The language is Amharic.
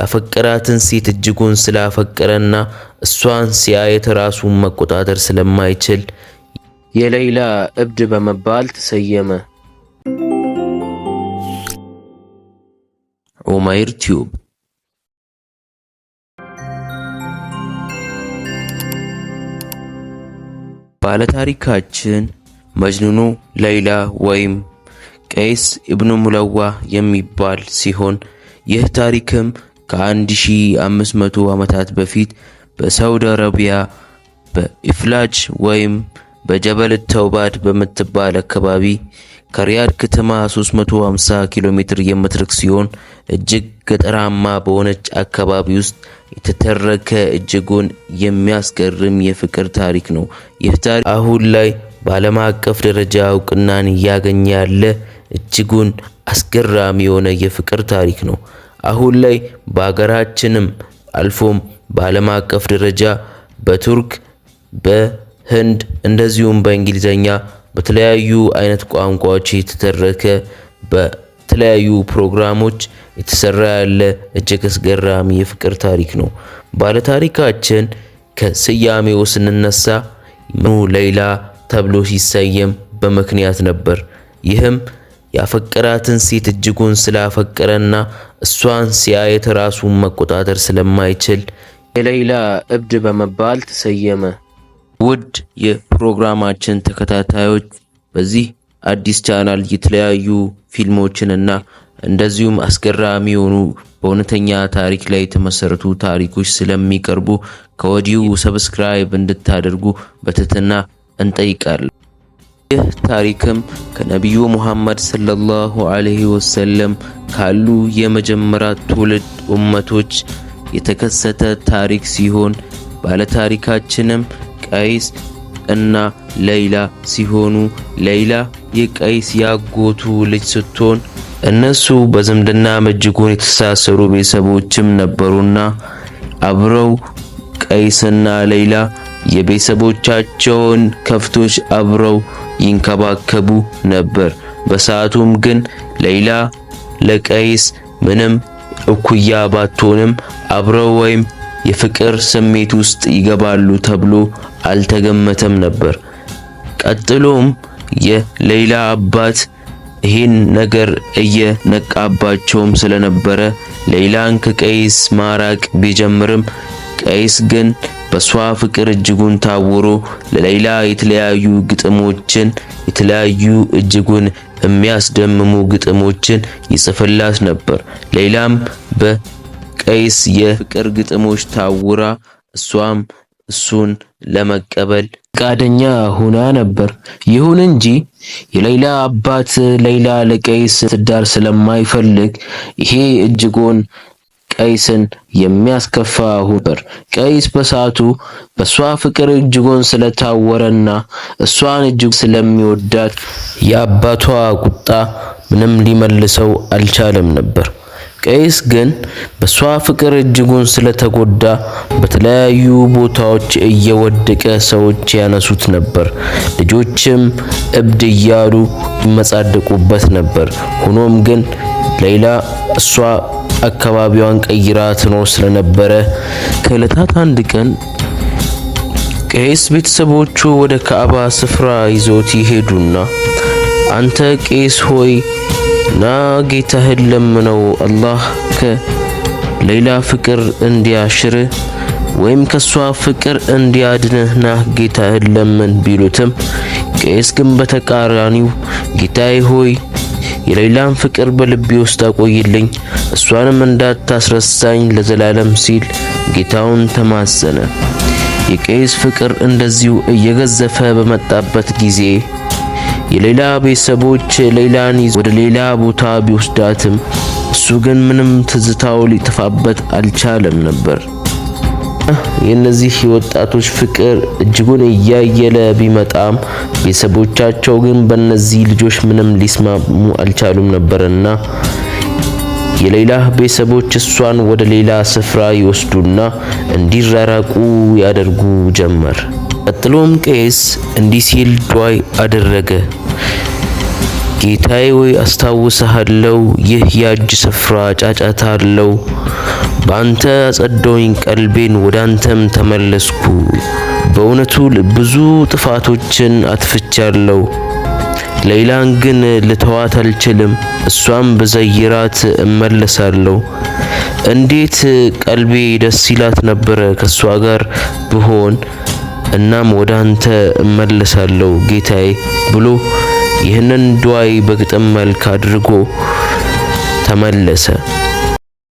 ያፈቀራትን ሴት እጅጉን ስላፈቀረና እሷን ሲያየት ራሱን መቆጣጠር ስለማይችል የሌይላ እብድ በመባል ተሰየመ። ኡመይር ቲዩብ ባለታሪካችን መጅኑኑ ለይላ ወይም ቀይስ ኢብኑ ሙለዋ የሚባል ሲሆን ይህ ታሪክም ከ1500 ዓመታት በፊት በሳውዲ አረቢያ በኢፍላጅ ወይም በጀበል ተውባድ በምትባል አካባቢ ከሪያድ ከተማ 350 ኪሎ ሜትር የምትርቅ ሲሆን እጅግ ገጠራማ በሆነች አካባቢ ውስጥ የተተረከ እጅጉን የሚያስገርም የፍቅር ታሪክ ነው። ይህ ታሪክ አሁን ላይ በዓለም አቀፍ ደረጃ እውቅናን እያገኘ ያለ እጅጉን አስገራሚ የሆነ የፍቅር ታሪክ ነው። አሁን ላይ በሀገራችንም አልፎም በዓለም አቀፍ ደረጃ በቱርክ በህንድ እንደዚሁም በእንግሊዘኛ በተለያዩ አይነት ቋንቋዎች የተተረከ በተለያዩ ፕሮግራሞች የተሰራ ያለ እጅግ አስገራሚ የፍቅር ታሪክ ነው። ባለታሪካችን ከስያሜው ስንነሳ ኑ ሌይላ ተብሎ ሲሰየም በምክንያት ነበር። ይህም ያፈቀራትን ሴት እጅጉን ስላፈቀረና እሷን ሲያየት ራሱን መቆጣጠር ስለማይችል የሌይላ እብድ በመባል ተሰየመ። ውድ የፕሮግራማችን ተከታታዮች በዚህ አዲስ ቻናል የተለያዩ ፊልሞችንና እንደዚሁም አስገራሚ የሆኑ በእውነተኛ ታሪክ ላይ የተመሰረቱ ታሪኮች ስለሚቀርቡ ከወዲሁ ሰብስክራይብ እንድታደርጉ በትህትና እንጠይቃለን። ይህ ታሪክም ከነቢዩ ሙሐመድ ሰለላሁ ዐለይሂ ወሰለም ካሉ የመጀመሪያ ትውልድ ኡመቶች የተከሰተ ታሪክ ሲሆን ባለታሪካችንም ቀይስ እና ለይላ ሲሆኑ ለይላ የቀይስ ያጎቱ ልጅ ስትሆን እነሱ በዝምድና እጅጉን የተሳሰሩ ቤተሰቦችም ነበሩና አብረው ቀይስና ለይላ የቤተሰቦቻቸውን ከፍቶች አብረው ይንከባከቡ ነበር። በሰዓቱም ግን ሌይላ ለቀይስ ምንም እኩያ ባትሆንም አብረው ወይም የፍቅር ስሜት ውስጥ ይገባሉ ተብሎ አልተገመተም ነበር። ቀጥሎም የሌይላ አባት ይህን ነገር እየነቃባቸውም ስለነበረ ሌይላን ከቀይስ ማራቅ ቢጀምርም ቀይስ ግን በሷ ፍቅር እጅጉን ታውሮ ለሌላ የተለያዩ ግጥሞችን የተለያዩ እጅጉን የሚያስደምሙ ግጥሞችን ይጽፍላት ነበር። ሌላም በቀይስ የፍቅር ግጥሞች ታውራ እሷም እሱን ለመቀበል ፈቃደኛ ሆና ነበር። ይሁን እንጂ የሌላ አባት ሌላ ለቀይስ ትዳር ስለማይፈልግ ይሄ እጅጉን ቀይስን የሚያስከፋ ሁበር ቀይስ በሰዓቱ በእሷ ፍቅር እጅጉን ስለታወረና እሷን እጅግ ስለሚወዳት የአባቷ ቁጣ ምንም ሊመልሰው አልቻለም ነበር። ቀይስ ግን በሷ ፍቅር እጅጉን ስለተጎዳ በተለያዩ ቦታዎች እየወደቀ ሰዎች ያነሱት ነበር። ልጆችም እብድ እያሉ ይመጻደቁበት ነበር። ሆኖም ግን ሌላ እሷ አካባቢዋን ቀይራ ትኖር ስለነበረ ከእለታት አንድ ቀን ቄስ ቤተሰቦቹ ወደ ካዕባ ስፍራ ይዞት ይሄዱና አንተ ቄስ ሆይ ና ጌታህን ለምነው አላህ ከሌላ ፍቅር እንዲያሽር ወይም ከሷ ፍቅር እንዲያድንህ ና ጌታህን ለምን ቢሉትም ቄስ ግን በተቃራኒው ጌታዬ ሆይ የሌላን ፍቅር በልቤ ውስጥ አቆይልኝ፣ እሷንም እንዳታስረሳኝ ለዘላለም ሲል ጌታውን ተማጸነ። የቄስ ፍቅር እንደዚሁ እየገዘፈ በመጣበት ጊዜ የሌላ ቤተሰቦች ሌላን ወደ ሌላ ቦታ ቢወስዳትም እሱ ግን ምንም ትዝታው ሊጠፋበት አልቻለም ነበር። የእነዚህ ወጣቶች ፍቅር እጅጉን እያየለ ቢመጣም ቤተሰቦቻቸው ግን በእነዚህ ልጆች ምንም ሊስማሙ አልቻሉም ነበርና የሌላ ቤተሰቦች እሷን ወደ ሌላ ስፍራ ይወስዱና እንዲራራቁ ያደርጉ ጀመር። ቀጥሎም ቄስ እንዲህ ሲል አደረገ። ጌታዬ ወይ አስታውሰሃለሁ። ይህ ያጅ ስፍራ ጫጫታ አለው። በአንተ አጸደውኝ ቀልቤን፣ ወደ አንተም ተመለስኩ። በእውነቱ ብዙ ጥፋቶችን አጥፍቻለሁ። ሌላን ግን ልተዋት አልችልም። እሷም በዘይራት እመለሳለሁ። እንዴት ቀልቤ ደስ ይላት ነበረ ከእሷ ጋር ብሆን። እናም ወደ አንተ እመለሳለሁ ጌታዬ ብሎ ይህንን ድዋይ በግጥም መልክ አድርጎ ተመለሰ።